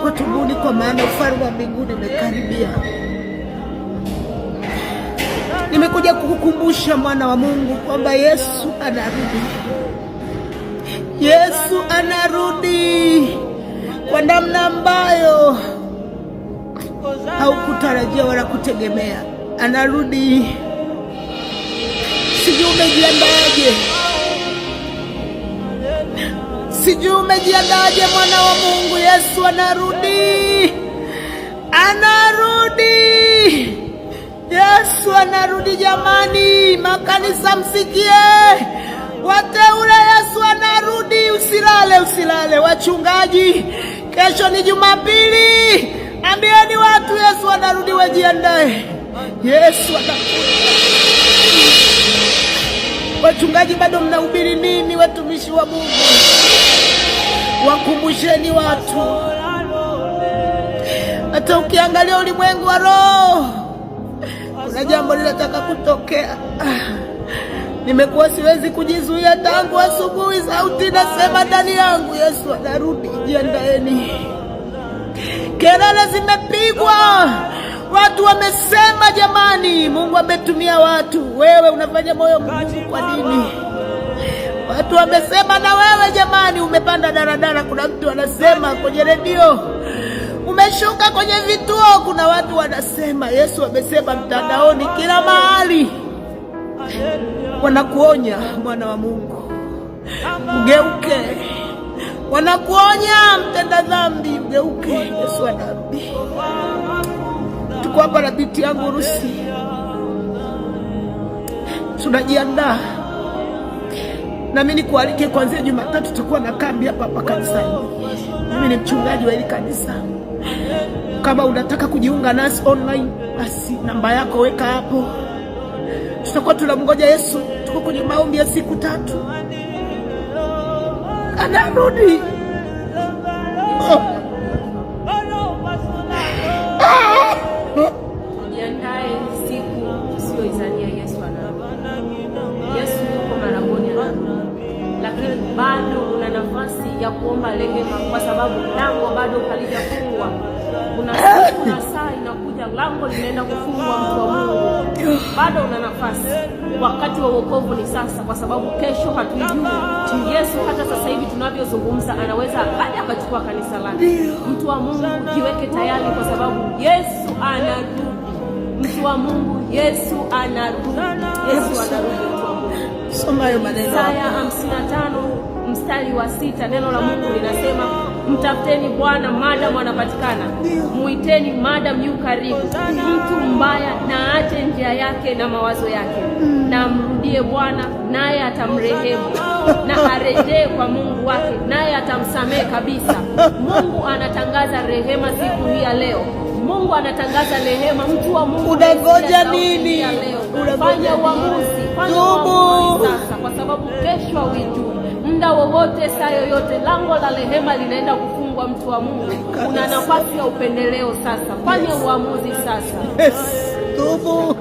kwa tubuni, kwa maana ufalme wa mbinguni umekaribia. Nimekuja kukukumbusha mwana wa Mungu kwamba Yesu anarudi, Yesu anarudi kwa namna ambayo haukutarajia wala kutegemea. Anarudi, sijui umejiandaje? Sijui umejiandaje mwana wa Mungu, Yesu anarudi, anarudi. Yesu anarudi jamani, makanisa msikie, wateule, Yesu anarudi. Usilale, usilale wachungaji, kesho ni Jumapili, ambieni watu Yesu anarudi, wajiandae. Yesu anarudi. Wachungaji bado mnahubiri nini, watumishi wa Mungu? Wakumbusheni watu. Hata ukiangalia ulimwengu wa roho, kuna jambo linataka kutokea. Nimekuwa siwezi kujizuia tangu asubuhi, sauti nasema ndani yangu, Yesu anarudi, jiandaeni. Kelele zimepigwa, watu wamesema, jamani, Mungu ametumia watu. Wewe unafanya moyo mgumu kwa nini? Watu wamesema na wewe jamani, umepanda daradara, kuna mtu anasema kwenye redio, umeshuka kwenye vituo, kuna watu wanasema, Yesu amesema mtandaoni, kila mahali wanakuonya, mwana wa Mungu, mgeuke. Wanakuonya mtenda dhambi, mgeuke. Yesu anaambia, tuko hapa na binti yangu Rusi, tunajiandaa na mimi nikualike kuanzia Jumatatu tutakuwa na kambi hapa hapa kanisani. Mimi ni mchungaji wa hili kanisa. Kama unataka kujiunga nasi online, basi namba yako weka hapo. Tutakuwa tunamngoja Yesu, tuko kwenye maombi ya siku tatu, anarudi. ya kuomba rehema, kwa sababu lango bado halijafungwa. Kuna saa inakuja, lango linaenda kufungwa. Mtu wa Mungu, bado una nafasi. Wakati wa wokovu ni sasa, kwa sababu kesho hatujui. Yesu hata sasa hivi tunavyozungumza, anaweza akaja akachukua kanisa lake. Mtu wa Mungu, jiweke tayari, kwa sababu Yesu anarudi. Mtu wa Mungu, Yesu anarudi, Yesu anarudi. Isaya 55 mstari wa sita neno la Mungu linasema mtafuteni Bwana madamu anapatikana, muiteni madamu yu karibu. Mtu mbaya na aache njia yake na mawazo yake, na mrudie Bwana naye atamrehemu, na arejee kwa Mungu wake naye atamsamehe kabisa. Mungu anatangaza rehema siku hii ya leo. Mungu anatangaza rehema. Mtu wa Mungu, unangoja nini? Fanya uamuzi, fanya uamuzi sasa, kwa sababu kesho hujui, muda wowote, saa yoyote, lango la rehema linaenda kufungwa. Mtu wa Mungu, una nafasi ya upendeleo sasa, fanya uamuzi sasa. Tubu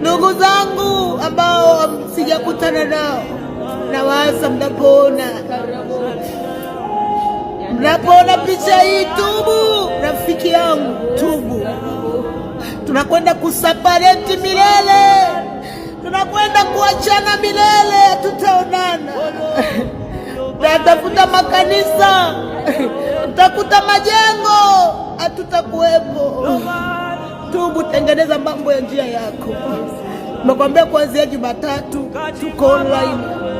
ndugu zangu ambao sijakutana nao, nawaza mnapoona Napoona picha hii, tubu rafiki yangu, tubu. Tunakwenda kusapareti milele, tunakwenda kuachana milele, hatutaonana. natafuta makanisa, utakuta majengo, hatutakuwepo. Tubu, tengeneza mambo ya njia yako. Nakwambia kuanzia Jumatatu tuko online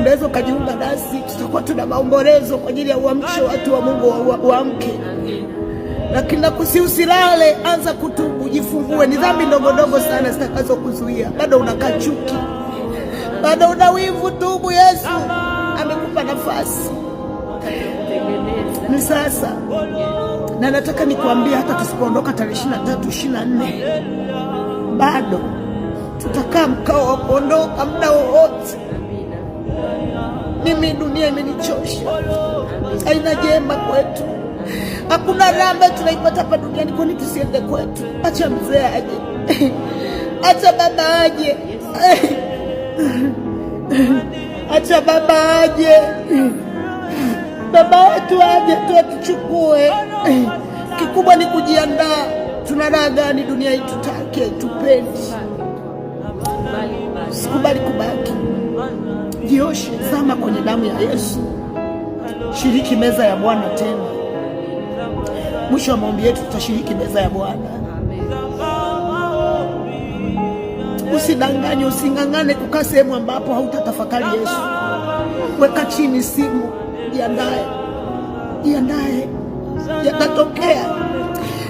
unaweza ukajiunga nasi, tutakuwa tuna maombolezo kwa ajili ya uamsho watu wa Mungu waamke lakini nakusi usilale, anza kutubu, jifungue. Ni dhambi ndogo ndogo sana zitakazokuzuia. Bado unakaa chuki, bado una wivu, tubu. Yesu amekupa nafasi, ni sasa. Na nataka nikuambia, hata tusipoondoka tarehe ishirini na tatu ishirini na nne bado tutakaa mkao wa kuondoka muda wowote mimi dunia imenichosha, haina jema kwetu, hakuna ramba tunaipata hapa duniani. nini tusiende kwetu? Acha mzee aje, acha baba aje, acha baba aje, baba wetu aje tu atuchukue. Kikubwa ni kujiandaa. Tuna raha gani dunia hii? Tutake tupendi Jioshe, zama kwenye damu ya Yesu, shiriki meza ya Bwana tena. Mwisho wa maombi yetu tutashiriki meza ya Bwana. Usidanganye, using'ang'ane kukaa sehemu ambapo hautatafakari Yesu. Weka chini simu, jiandae, jiandae, yatatokea.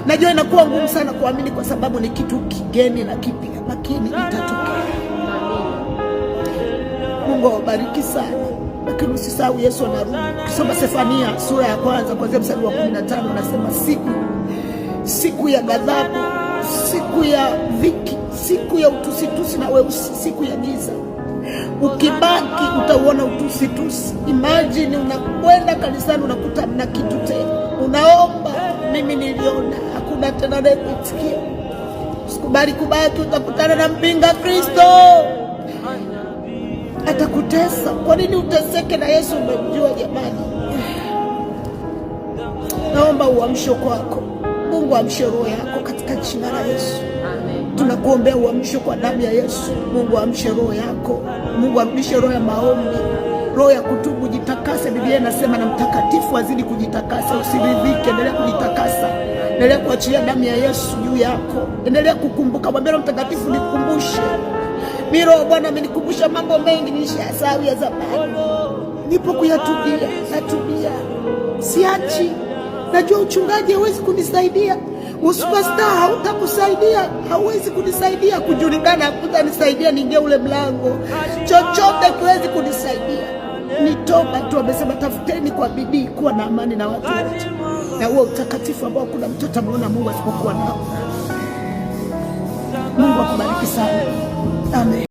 Najua inakuwa ngumu sana kuamini kwa sababu ni kitu kigeni na kipya, lakini itatokea. Mungu awabariki sana, lakini usisahau Yesu anarudi. Kusoma Sefania sura ya kwanza kuanzia mstari wa 15 anasema siku siku ya ghadhabu, siku ya dhiki, siku ya utusitusi na weusi, siku ya giza. Ukibaki utauona utusitusi. Imajini unakwenda kanisani unakuta mna kitu tena, unaomba mimi niliona, hakuna tena naye kuitikia. Usikubali kubaki, utakutana na mpinga Kristo atakutesa. Kwa nini uteseke na Yesu umemjua? Jamani, naomba uamsho kwako Mungu, amshe roho yako katika jina la Yesu. Tunakuombea uamsho kwa damu ya Yesu. Mungu, amshe roho yako. Mungu, amrudishe roho ya maombi, roho ya kutubu, jitakase. Biblia inasema na mtakatifu azidi kujitakasa, usiridhike. Endelea kujitakasa, endelea kuachilia damu ya Yesu juu yako, endelea kukumbuka. Mwambie Roho Mtakatifu, nikukumbushe Miro Bwana amenikumbusha mambo mengi nilishasahau ya zamani, nipo kuyatubia, natubia, siachi. Najua uchungaji hawezi kunisaidia, usupasta hautakusaidia, hauwezi kunisaidia, kujulikana hakutanisaidia, niingie ule mlango, chochote kiwezi kunisaidia. Nitoba tu, amesema tafuteni kwa bidii kuwa na amani na watu wote, na huo utakatifu ambao kuna mtoto ameona Mungu asipokuwa nao Mungu akubariki sana. Amen.